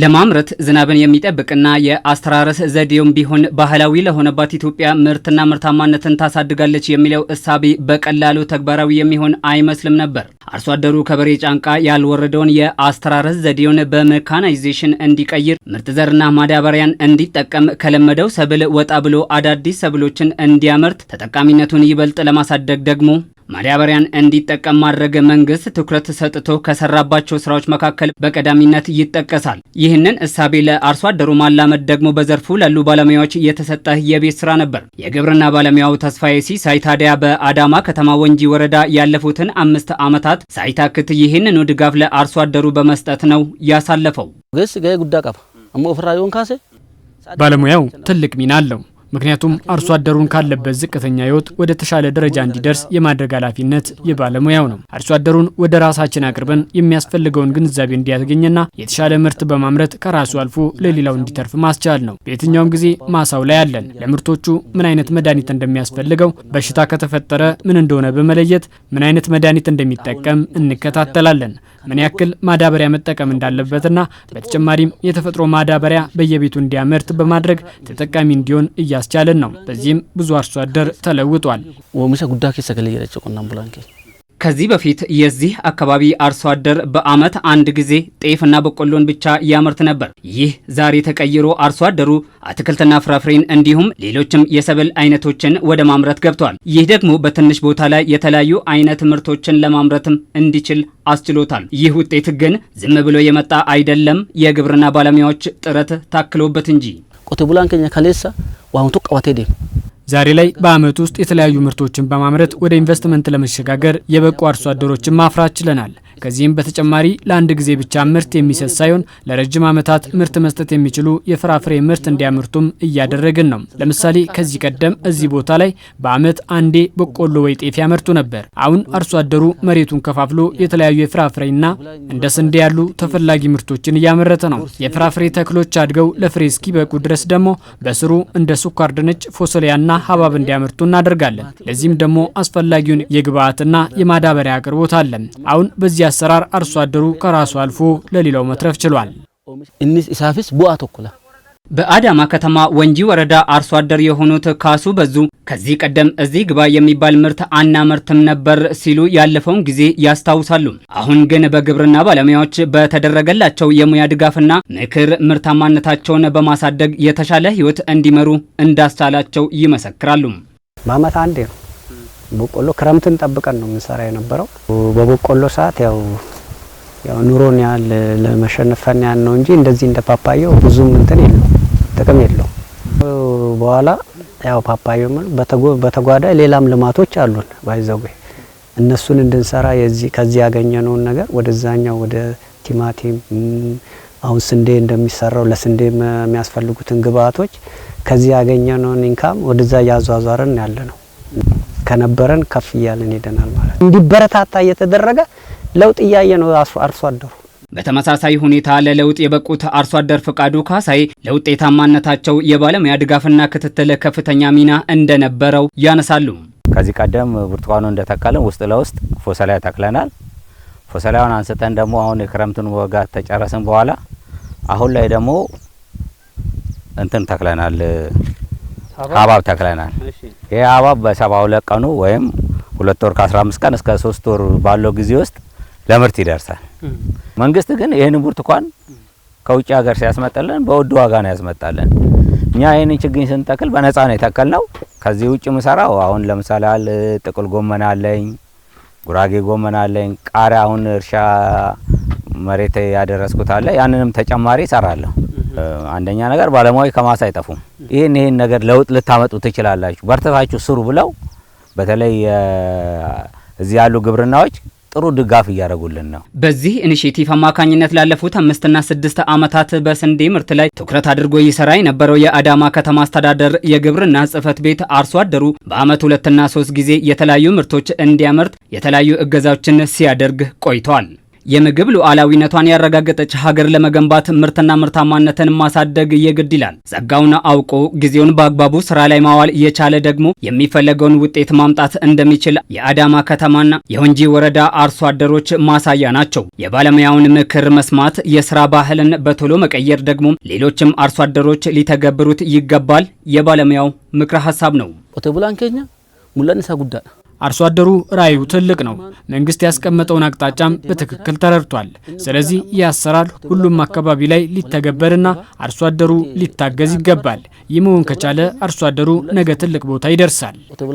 ለማምረት ዝናብን የሚጠብቅና የአስተራረስ ዘዴውም ቢሆን ባህላዊ ለሆነባት ኢትዮጵያ ምርትና ምርታማነትን ታሳድጋለች የሚለው እሳቤ በቀላሉ ተግባራዊ የሚሆን አይመስልም ነበር። አርሶ አደሩ ከበሬ ጫንቃ ያልወረደውን የአስተራረስ ዘዴውን በሜካናይዜሽን እንዲቀይር፣ ምርጥ ዘርና ማዳበሪያን እንዲጠቀም፣ ከለመደው ሰብል ወጣ ብሎ አዳዲስ ሰብሎችን እንዲያመርት፣ ተጠቃሚነቱን ይበልጥ ለማሳደግ ደግሞ ማዳበሪያን እንዲጠቀም ማድረግ መንግስት ትኩረት ሰጥቶ ከሰራባቸው ስራዎች መካከል በቀዳሚነት ይጠቀሳል። ይህንን እሳቤ ለአርሶ አደሩ ማላመድ ደግሞ በዘርፉ ላሉ ባለሙያዎች የተሰጠ የቤት ስራ ነበር። የግብርና ባለሙያው ተስፋዬ ሲሳይ ታዲያ በአዳማ ከተማ ወንጂ ወረዳ ያለፉትን አምስት ዓመታት ሳይታክት ይህንኑ ድጋፍ ለአርሶ አደሩ በመስጠት ነው ያሳለፈው። ባለሙያው ትልቅ ሚና አለው። ምክንያቱም አርሶ አደሩን ካለበት ዝቅተኛ ህይወት ወደ ተሻለ ደረጃ እንዲደርስ የማድረግ ኃላፊነት የባለሙያው ነው። አርሶ አደሩን ወደ ራሳችን አቅርበን የሚያስፈልገውን ግንዛቤ እንዲያገኝና የተሻለ ምርት በማምረት ከራሱ አልፎ ለሌላው እንዲተርፍ ማስቻል ነው። በየትኛውም ጊዜ ማሳው ላይ አለን። ለምርቶቹ ምን አይነት መድኃኒት እንደሚያስፈልገው፣ በሽታ ከተፈጠረ ምን እንደሆነ በመለየት ምን አይነት መድኃኒት እንደሚጠቀም እንከታተላለን። ምን ያክል ማዳበሪያ መጠቀም እንዳለበትና በተጨማሪም የተፈጥሮ ማዳበሪያ በየቤቱ እንዲያመርት በማድረግ ተጠቃሚ እንዲሆን እያ እያስቻለን ነው። በዚህም ብዙ አርሶ አደር ተለውጧል። ጉዳ ከዚህ በፊት የዚህ አካባቢ አርሶ አደር በዓመት አንድ ጊዜ ጤፍና በቆሎን ብቻ ያመርት ነበር። ይህ ዛሬ ተቀይሮ አርሶ አደሩ አትክልትና ፍራፍሬን እንዲሁም ሌሎችም የሰብል አይነቶችን ወደ ማምረት ገብቷል። ይህ ደግሞ በትንሽ ቦታ ላይ የተለያዩ አይነት ምርቶችን ለማምረትም እንዲችል አስችሎታል። ይህ ውጤት ግን ዝም ብሎ የመጣ አይደለም፣ የግብርና ባለሙያዎች ጥረት ታክሎበት እንጂ ቆቴ ቡላን ከኛ ከሌሳ ዋሁንቱ ቀዋቴ ዛሬ ላይ በአመት ውስጥ የተለያዩ ምርቶችን በማምረት ወደ ኢንቨስትመንት ለመሸጋገር የበቁ አርሶ አደሮችን ማፍራት ችለናል። ከዚህም በተጨማሪ ለአንድ ጊዜ ብቻ ምርት የሚሰጥ ሳይሆን ለረጅም ዓመታት ምርት መስጠት የሚችሉ የፍራፍሬ ምርት እንዲያመርቱም እያደረግን ነው። ለምሳሌ ከዚህ ቀደም እዚህ ቦታ ላይ በዓመት አንዴ በቆሎ ወይ ጤፍ ያመርቱ ነበር። አሁን አርሶ አደሩ መሬቱን ከፋፍሎ የተለያዩ የፍራፍሬና እንደ ስንዴ ያሉ ተፈላጊ ምርቶችን እያመረተ ነው። የፍራፍሬ ተክሎች አድገው ለፍሬ እስኪበቁ ድረስ ደግሞ በስሩ እንደ ስኳር ድንች፣ ፎሰሊያና ሀባብ እንዲያመርቱ እናደርጋለን። ለዚህም ደግሞ አስፈላጊውን የግብዓትና የማዳበሪያ አቅርቦት አለን። አሁን በዚያ አሰራር አርሶ አደሩ ከራሱ አልፎ ለሌላው መትረፍ ችሏል። በአዳማ ከተማ ወንጂ ወረዳ አርሶ አደር የሆኑት ካሱ በዙ ከዚህ ቀደም እዚህ ግባ የሚባል ምርት አናመርትም ነበር ሲሉ ያለፈውን ጊዜ ያስታውሳሉ። አሁን ግን በግብርና ባለሙያዎች በተደረገላቸው የሙያ ድጋፍና ምክር ምርታማነታቸውን በማሳደግ የተሻለ ሕይወት እንዲመሩ እንዳስቻላቸው ይመሰክራሉ። ማመት አንዴ ነው በቆሎ ክረምትን ጠብቀን ነው የምንሰራ የነበረው። በበቆሎ ሰዓት ያው ያው ኑሮን ያህል ለመሸነፈን ያህል ነው እንጂ እንደዚህ እንደ ፓፓየው ብዙም እንትን የለው ጥቅም የለው። በኋላ ያው ፓፓየው በተጓዳ ሌላም ልማቶች አሉን ባይዘዌ እነሱን እንድንሰራ የዚህ ከዚህ ያገኘነውን ነገር ወደዛኛው ወደ ቲማቲም አሁን ስንዴ እንደሚሰራው ለስንዴ የሚያስፈልጉትን ግብአቶች ከዚህ ያገኘነውን ኢንካም ወደዛ እያዟዟርን ያለ ነው። ከነበረን ከፍ እያለን ሄደናል ማለት ነው። እንዲበረታታ እየተደረገ ለውጥ እያየ ነው አርሶ አደሩ። በተመሳሳይ ሁኔታ ለለውጥ የበቁት አርሶ አደር ፍቃዱ ካሳይ ለውጤታማነታቸው የባለሙያ ድጋፍና ክትትል ከፍተኛ ሚና እንደነበረው ያነሳሉ። ከዚህ ቀደም ብርቱካኑ እንደተከልን ውስጥ ለውስጥ ፎሰላያ ተክለናል። ፎሰላያውን አንስተን ደግሞ አሁን የክረምትን ወጋ ተጨረስን በኋላ አሁን ላይ ደግሞ እንትን ተክለናል ሀባብ ተክለናል። ይህ ሀባብ በሰባ ሁለት ቀኑ ወይም ሁለት ወር ከአስራ አምስት ቀን እስከ ሶስት ወር ባለው ጊዜ ውስጥ ለምርት ይደርሳል። መንግስት ግን ይህን ብርቱካን ከውጭ ሀገር ሲያስመጣልን በውድ ዋጋ ነው ያስመጣልን። እኛ ይህንን ችግኝ ስንተክል በነጻ ነው የተከልነው። ከዚህ ውጭ ምሰራው አሁን ለምሳሌ አል ጥቅል ጎመን አለኝ፣ ጉራጌ ጎመን አለኝ፣ ቃሪያ አሁን እርሻ መሬት ያደረስኩት አለ። ያንንም ተጨማሪ እሰራለሁ። አንደኛ ነገር ባለሙያዎች ከማሳ አይጠፉም። ይህን ይህን ነገር ለውጥ ልታመጡ ትችላላችሁ፣ በርተታችሁ ስሩ ብለው በተለይ እዚህ ያሉ ግብርናዎች ጥሩ ድጋፍ እያደረጉልን ነው። በዚህ ኢኒሽቲቭ አማካኝነት ላለፉት አምስትና ስድስት ዓመታት በስንዴ ምርት ላይ ትኩረት አድርጎ ይሰራ የነበረው የአዳማ ከተማ አስተዳደር የግብርና ጽሕፈት ቤት አርሶ አደሩ በዓመት ሁለትና ሶስት ጊዜ የተለያዩ ምርቶች እንዲያመርት የተለያዩ እገዛዎችን ሲያደርግ ቆይቷል። የምግብ ሉዓላዊነቷን ያረጋገጠች ሀገር ለመገንባት ምርትና ምርታማነትን ማሳደግ የግድ ይላል። ጸጋውን አውቆ ጊዜውን በአግባቡ ስራ ላይ ማዋል የቻለ ደግሞ የሚፈለገውን ውጤት ማምጣት እንደሚችል የአዳማ ከተማና የወንጂ ወረዳ አርሶ አደሮች ማሳያ ናቸው። የባለሙያውን ምክር መስማት፣ የስራ ባህልን በቶሎ መቀየር ደግሞ ሌሎችም አርሶ አደሮች ሊተገብሩት ይገባል የባለሙያው ምክረ ሀሳብ ነው። ሙላንሳ ጉዳ አርሶ አደሩ ራዩ ትልቅ ነው። መንግስት ያስቀመጠውን አቅጣጫም በትክክል ተረድቷል። ስለዚህ ይህ አሰራር ሁሉም አካባቢ ላይ ሊተገበርና አርሶ አደሩ ሊታገዝ ይገባል። ይህ መሆን ከቻለ አርሶ አደሩ ነገ ትልቅ ቦታ ይደርሳል።